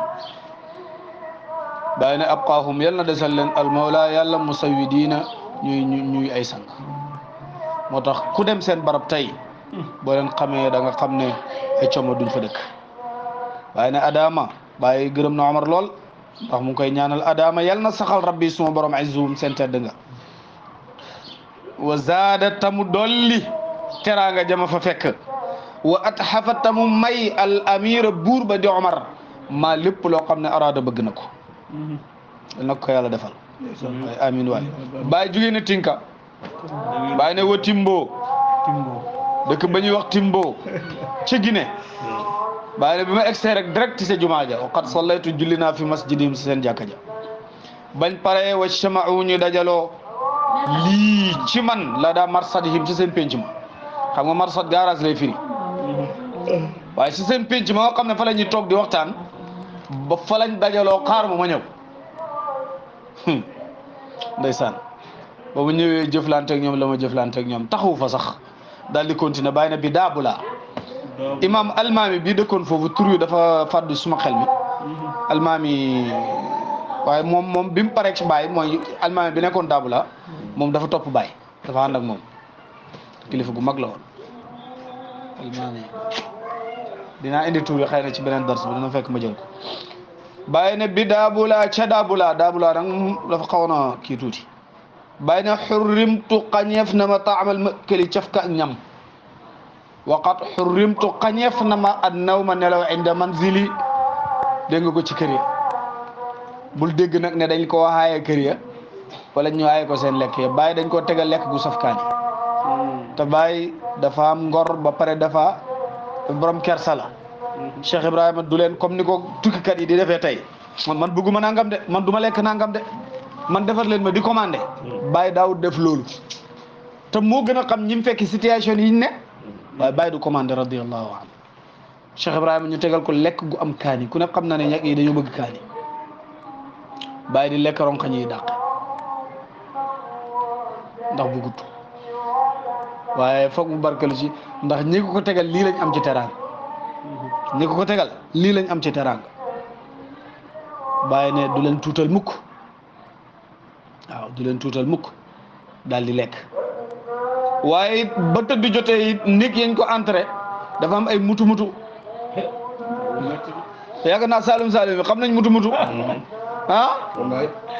bàyyi na abqaahum yal na desal leen al mawla yàlla musawidiina ñuy ñuy ay sang moo tax ku dem seen barab tey boo leen xamee da xam ne ay coomo duñ fa dëkk bàyyi na Adama bàyyi gërëm na lool. ndax mu koy ñaanal adama yal na saxal rabbi suma borom izzum seen tedd nga wa zada tam dolli teranga jama fa fek wa at xafa may al amir bur ba di umar ma lépp lo xamne ne araada bëgg na ko ko yàlla defal amin waay bay jugee na tinka bay ne wo timbo dëkk ba ñuy wax timbo ci Guinée bàyyi bi ma egsee rek direct se jumaa ja wa qad sallaytu julli naa fi masjidihim si seen jàkka ja bañ pare wa chamau ñu dajaloo lii ci man la daa marsadihim ci seen pénc ma xam nga marsad garage lay firi waaye si seen pénc ma nga xam ne fa la ñuy toog di waxtaan ba fa dajaloo xaar ma ma ñëw hmm. ndeysaan ba mu ñëwee jëflante ak ñoom la mo jëflante ak ñoom taxawu fa sax daal di continuer bàyyi na bi daa laa imaam almaami bi dëkkoon foofu tur yu dafa fàddu suma xel mi mhm. almaami waaye moom moom bi mu paree ci baay mooy almaami bi nekkoon daabu la moom dafa topp baay dafa ànd ak moom kilifa gu mag la woon almaami dinaa indi tur yi xëy na ci beneen dars bi dina fekk ma jël ko bàyyi ne bi daabulaa ca daabulaa daabulaa nag dafa xawoon a kii tuuti bàyyi ne xurrimtu xañeef na ma taamal ma këli caf ka ñam waqat xurrimtu xañeef na ma ad naw ma nelaw inda manzili dégg nga ko ci kër ya bul dégg nag ne dañ koo aaye kër ya wala ñu ko seen lekk ya bàyyi dañ koo tegal lekk gu saf te bàyyi dafa am ngor ba pare dafa borom kersa la Cheikh Ibrahima du leen comme ni ko tukkikat yi di defee tey man bëgguma nangam de man du ma lekk nangam de man defar leen ma di commandé hmm. bàyyi daawut def loolu te moo gën a xam fekk situation yi ne waaye bàyyi du commandé radiallahu anhu Cheikh Ibrahima ñu tegal ko lekk gu am kaani ku ne xam na ne ñag yi dañoo bëgg kaani bàyyi di lekk ronkañ yi dàq ndax bu gudd waaye foog mu barkelu ci ndax ñi ko tegal lii lañ am ci teraanga ñi ko tegal lii lañ am ci teraanga bàyyi ne du leen tuutal mukk waaw du leen tuutal mukk daal di lekk waaye it ba tëdd jotee it néeg yañ ko entré dafa am ay mutu mutu yaakaar naa Saalum Saalum xam nañ mutu mutu mm-hmm. ah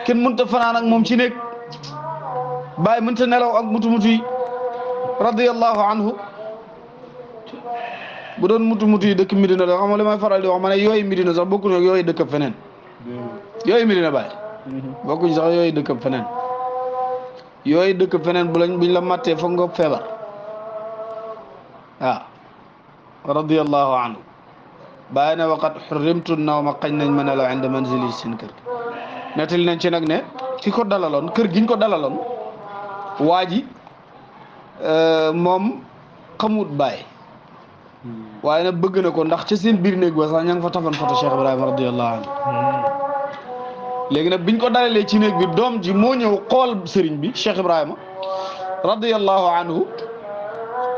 kenn mënut a fanaan ak moom ci néeg bàyyi mun a nelaw ak mutu mutu yi radiyallahu anhu bu doon mutu mutu yi dëkk Medina la xam nga li may faral di wax ma ne yooyu Medina sax bokkuñu ak yooyu dëkk feneen yooyu Medina bàyyi mm-hmm. bokkuñu sax yooyu dëkk feneen. yooyu dëkk feneen bu lañ buñ la mattee fa nga feebar ah radiallahu anhu bàyyi ne waqat xurrimtu naw ma xañ nañ ma ne la inde manzili seen kër gi nañ ci nag ne ki ko dalaloon kër giñ ko dalaloon waa ji euh, moom xamut bàyyi hmm. waaye nag bëgg na ko ndax ca seen biir néeg ba sax ña nga fa tafan foto Cheikh Ibrahima radiallahu anhu hmm. léegi nag biñ ko dalalee ci néeg bi doom ji moo ñëw xool sëriñ bi Cheikh Ibrahima radiyallahu anhu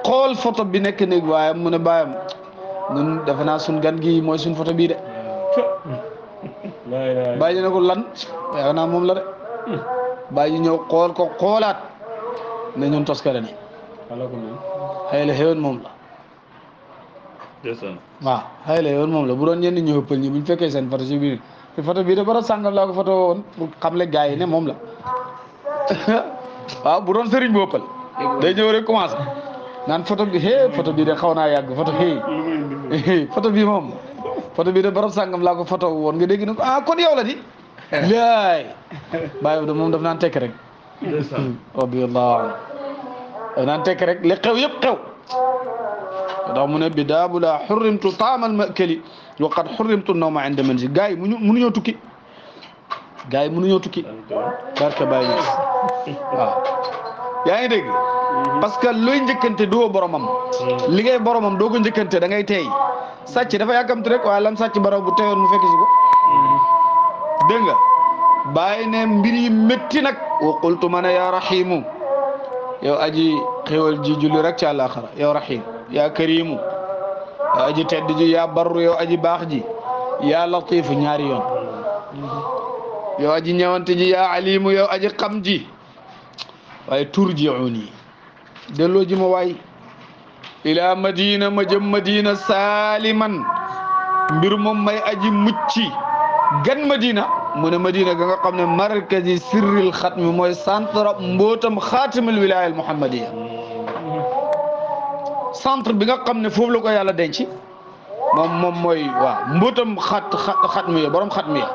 xool photo bi nekk néeg baayam mu ne baayam ñun defe naa suñ gan gi mooy suñ photo bii de bàyyi ji ne ko lan yaakaar naa moom la de hmm. bàyyi ñëw xool ko xoolaat ne ñun toskare ne xëy la xewoon moom la waaw xëy la xewoon moom la bu ñëw pël ñi buñ fekkee seen photo si biir te photo bii de barab sàngam laa ko photo woon pour xamle gars yi ne moom la waaw bu doon sëriñ boppal day ñëw naan photo bi hee photo bii de xaw naa yàgg photo hee photo bii moom photo bii de barab laa ko foto woon nga dégg ko ah kon yow di laay bàyyi da moom daf naan tekk rek radiyallahu anhu daf naan tekk rek li xew yëpp xew tax mu ne bidaa bu laa xurrimtu taamal makali wa qad xurrimtu nawma inda man si gars yi mu mënuñoo tukki gars yi mënuñoo tukki barke bàyyi waaw yaa ngi dégg mhm. parce que looy njëkkante doo boromam mhm. li ngay boromam doo ko njëkkante da ngay teey sàcc dafa yàkkamti rek waaye lam sàcc baraw bu teyoon mu fekk si ko mhm. dégg nga bàyyi ne mbir yi métti nag wa qultu ma ne yaa raximu yow aji xéwal ji julli rek ci àllaaxara yow raxim يا كريم يا اجي تدجي يا بر يا اجي باخجي يا لطيف نياري يون يا اجي نيوانتجي يا عليم يا اجي قمجي واي ترجعوني دلو جي واي الى مدينه مجم مدينه سالما مبير موم ماي اجي مچي غن مدينه من مدينه غا خامني مركز سر الختم موي سنتر مبوتم خاتم الولايه المحمديه centre bi nga xam ne foofu la ko yàlla denc moom moom mooy waaw mbootam xat xat xat mi ya borom xat mi ya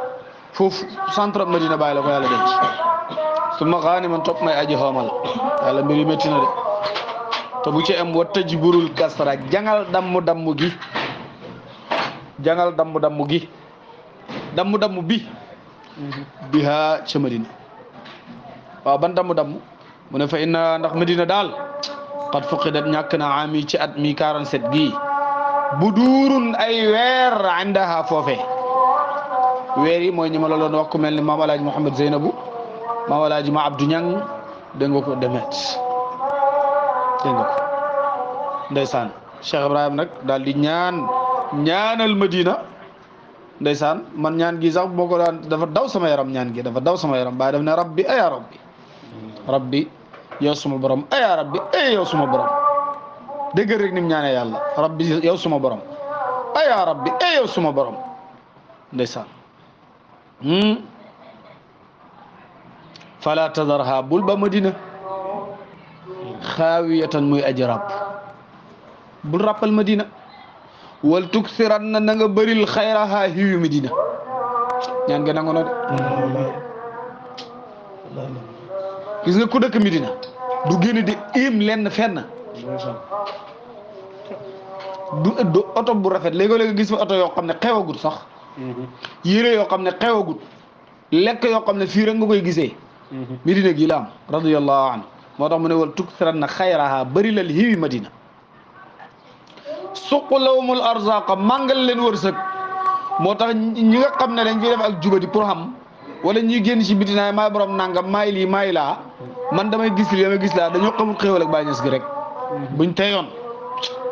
foofu centre Medina Baye la ko yàlla denc su ma xaani man topp may aji xoomal yàlla mbir de te bu ci am wa tëj burul kasara jangal damm damm gi jangal damm damm gi damm damu bi biha ca Medina ban damm damm mu ne fa inna ndax Medina daal. qad fuqidat ñàkk na ami ci at mi 47 gii bu duurun ay weer indaha weer yi mooy ñi ma la doon wax ku mel ni maam alaaji Mouhamed Zeynabu maam alaaji ma Abdou Niang dégg demet dégg nga ko ndeysaan Ibrahim nag daal di ñaan ñaanal Madina ndeysaan man ñaan gi sax boo ko daan dafa daw sama yaram ñaan gi dafa daw sama yaram baa def ne rabbi aya rabbi yow suma borom aya eh, rabbi ay eh, yow suma borom dégg rek ni mu rabbi yow suma borom aya eh, rabbi ay yow suma borom ndeysaan hmm? fala tadarha bul ba madina xaawiyatan muy aji ràpp bul ràppal madina wal tuksiran na nga bëril xayraha hiyu madina ñaan nga nangu de gis nga ku dëkk Medina du génn di im lenn fenn du du auto bu rafet léegoo-léegi gis fa auto yoo xam ne xewagut sax yére yoo xam ne xewagut lekk yoo xam ne fii rek nga koy gisee Medina gi la am radiyallahu anhu moo tax mu ne wal tuksaran na xayraha bëri lal hiwi Madina suqlawumul arzaqa màngal leen wërsëg moo tax ñi nga xam ne dañ fi def ak jubadi pour xam wala ñuy génn ci biti naa maay borom nangam maay lii maay laa man damay gis lii damay gis laa dañoo xamul xéewal ak gi rek buñ teyoon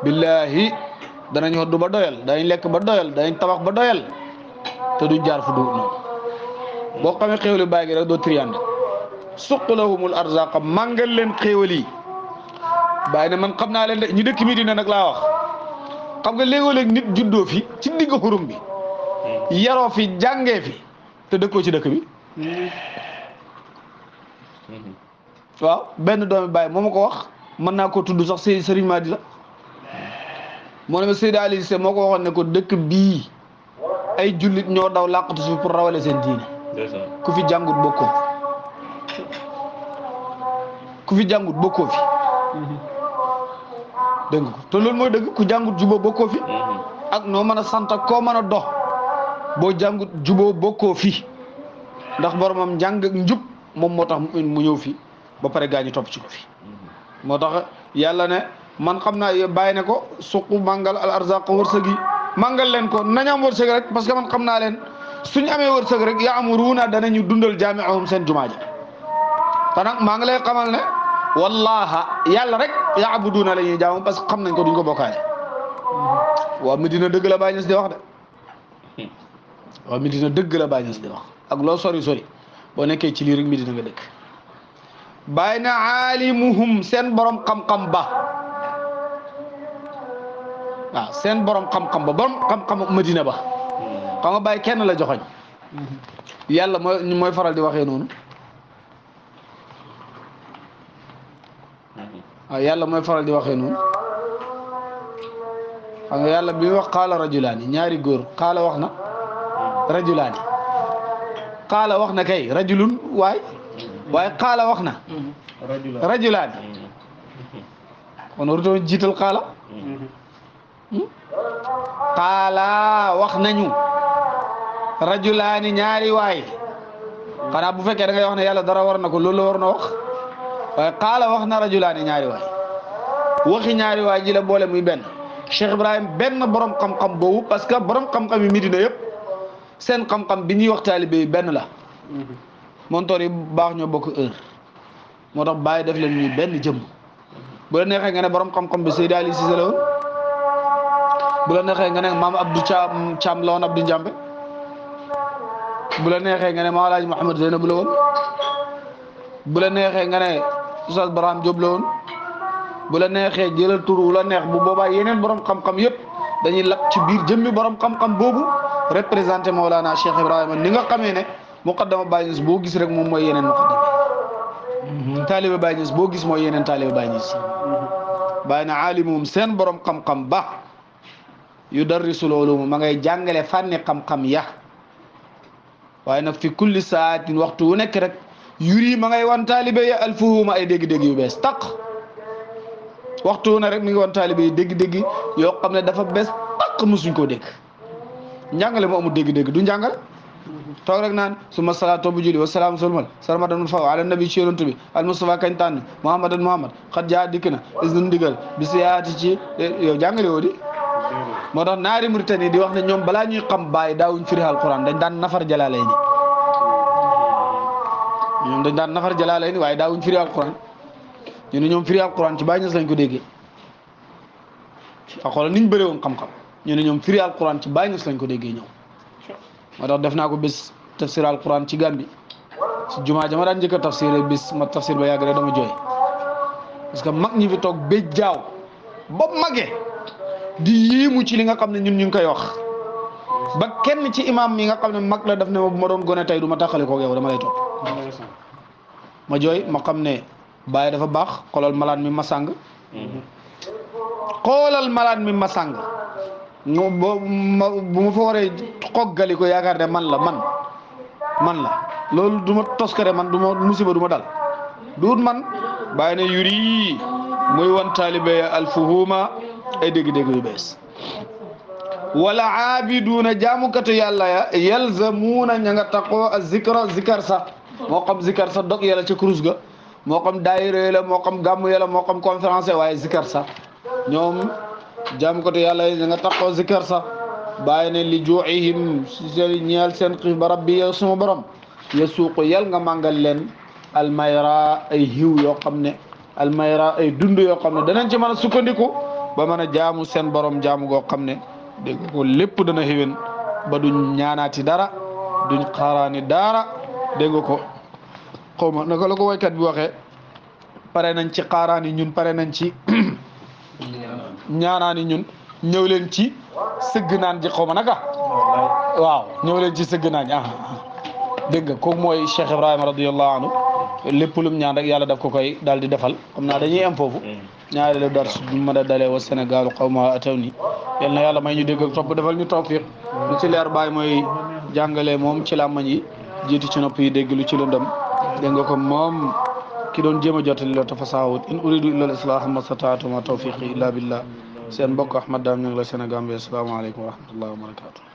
billaahi danañ xoddu ba doyal danañ lekk ba doyel danañ tabax ba doyal te du jaar fu du noonu boo xamee xéewali bàyyi gi rek doo triande suqalahumul arzaqa màngal leen xéewal yi bàyyi ne man xam naa leen de ñu dëkk Medina nag laa wax xam nga léegoo léeg nit juddoo fi ci digg xurum bi yaroo fi jàngee fi te dëkkoo ci dëkk bi waaw benn doomi baay moo ma ko wax mën naa ko tudd sax sëy sëriñ Madi la moo ne ma Seydi Aliou moo ko waxoon ne ko dëkk bii ay jullit ñoo daw làqatu suuf pour rawale seen diine ku fi jàngut bokkoo ku fi jàngut bokkoo fi dégg ko te loolu mooy dëgg ku jàngut juba bokkoo fi mm-hmm. ak noo mën a sant ak koo mën a dox boo jàngut juboo bokkoo fi ndax boromam njàng ak njub moom moo tax mu ñëw fi ba pare gaa ñi topp ci ko fi moo tax yàlla ne man xam naa bàyyi ne ko suqu màngal al arzaq wërsëg yi leen ko nañ am wërsëg rek parce que man xam naa leen suñ amee wërsëg rek yaa amuruuna danañu dundal jaamiahum seen jumaa ja te nag maa ngi lay xamal ne wallaha yàlla rek yaabuduuna la ñuy jaamu parce que xam nañ ko duñ ko bokkaale waaw Medina dëgg la bàyyi ñes di wax de waaw Medina dëgg la Baay Ñas di wax ak loo sori sori boo nekkee ci lii rek Medina nga dëkk bàyyi na aalimuhum seen borom xam-xam ba waaw seen borom xam-xam ba borom xam-xam Medina ba xam Baay kenn la joxoñ yàlla mooy faral di waxee noonu waaw yàlla mooy faral di waxe noonu xam nga yàlla bi wax xaala rajulaani ñaari góor kaala wax na rajulaani qaala wax na kay rajulun waay waaye qaala wax na rajulaani kon warutoo jiital qaala hmm? qaala wax nañu rajulaani ñaari waay xanaa bu fekkee da wax ne yàlla dara war na ko loolu la war na wax waaye qaala wax rajulaani ñaari waay waxi ñaari waay jila boole muy benn Cheikh Ibrahim benn borom xam-xam boobu parce que borom xam-xam yi Medina yëpp seen xam-xam bi ñuy wax taalibe benn la montoor yi baax ñoo bokk heure moo tax bàyyi def leen ñuy benn jëmm bu la neexee nga ne borom xam-xam bi Seydi Ali Cissé la woon bula la neexee nga ne maam Abdou Thiam Thiam la woon Abdou Njàmbe bu la neexee nga ne maam Alaaji Mouhamed Zeynab la woon bu la neexee nga ne Oustaz Barham Diop la woon bu la neexee jëlal tur wu neex bu boobaa yeneen borom xam-xam yëpp dañuy lakk ci biir jëmmi borom xam-xam boobu représenté Mawlana Cheikh Ibrahima ni nga xamee ne muqaddama Baye Niass boo gis rek moom mooy yeneen muqaddama mhm. taaliba boo gis mooy yeneen taaliba Baye Niass mhm. bàyyi na aalimum seen borom xam-xam ba yu darrisu loolu ma ngay jàngale fànni xam ya waaye nag fi kulli saatin waxtu wu nekk rek yuri ma ngay wan taalibe ya alfuhuma ay dégg yu bees taq waxtu na rek mi ngi woon taalibe yi dégg-dégg yoo xam ne dafa bes pàq mosuñ koo dégg njàngale moo amul dégg-dégg du njàngal toog rek naan su ma salaatoo bu julli wa salaam sulmal sarmadan faw ala nabi ci yonent bi al mustafa kañ tànn muhammadan muhammad xat jaa dikk na is nañ ndigal bi siyaati ci eh, yow jàngale woo di moo tax naari Mauritanie di wax ne ñoom balaa ñuy xam bàyyi daawuñ firi alquran dañ daan nafar jalaalayni ñoom dañ daan nafar jalaalayni waaye daawuñ firi alquran ñu ne ñoom firi alquran ci bàyyi ñas lañ ko déggee a xoolal niñ bëree woon xam ñu ne ñoom firi alquran ci bàyyi ñas ko déggee ñëw moo tax def naa ko bés tafsir alquran ci Gàmbi si jumaa jama ma daan njëkk a tafsir bis ma tafsir ba yàgg rek dama jooy parce que mag ñi fi toog ba jaaw ba magee di yéemu ci li nga xam ne ñun ñu ngi koy wax ba kenn ci imaam mi nga xam ne mag la def ne ma ma doon gone tey du ma taxale koo yow dama lay topp ma jooy ma xam ne bàyyi dafa baax xoolal malaan mi ma sàng xoolal malaan mi ma sàng bu ma fa waree xoggali ko yaakaar ne man la man man la loolu du ma toskare man du ma musiba du ma dal duut man bàyyi ne yuri muy wan taalibe alfuhuma ay dégg-dégg yu bees wala aabiduuna jaamukatu yàlla ya yalzamuuna ña nga taqoo a zikra zikar sa moo xam zikar sax dog yàlla ca kurus ga moo xam daayira la moo xam gàmmu yàlla moo xam conférence waaye zikar sax ñoom jaam ko te yàlla yi nga taxoo zikar sax bàyyi ne li juuxihim seen ñeel seen xiif ba rabbi yow suma borom ya suuqu yal nga màngal leen almayra ay hiw yoo xam ne almayra ay dund yoo xam ne danañ ci mën a sukkandiku ba mën a jaamu seen borom jaamu goo xam ne dégg ko lépp dana xéwén ba duñ ñaanaati dara duñ xaaraani dara dégg ko xaw ma naka la ko woykat bi waxee pare nañ ci xaaraan yi ñun pare nañ ci ñaanaan yi ñun ñëw leen ci sëgg naan ji xaw ma naka waaw ñëw leen ci sëgg naan ji ah dégg nga kooku mooy Cheikh Ibrahima radiyallahu anhu lépp lum ñaan rek yàlla daf ko koy daal di defal xam naa dañuy am foofu ñaareelu dars bu ma da dalee wa Sénégal xaw ma ataw ni yal na yàlla may ñu dégg ak topp defal ñu tawfiq lu ci leer bàyyi mooy jàngale moom ci làmmañ yi jiitu ci nopp yi dégg lu ci lëndëm dégg nga ko moom ki doon jéem a jottali la tafa saawut in uridu illa al islaah ma stataatu ma tawfiqi illa billah seen mbokk Ahmad Dame ñu ngi la Sénégal bi asalaamaaleykum wa rahmatullahi wa barakatu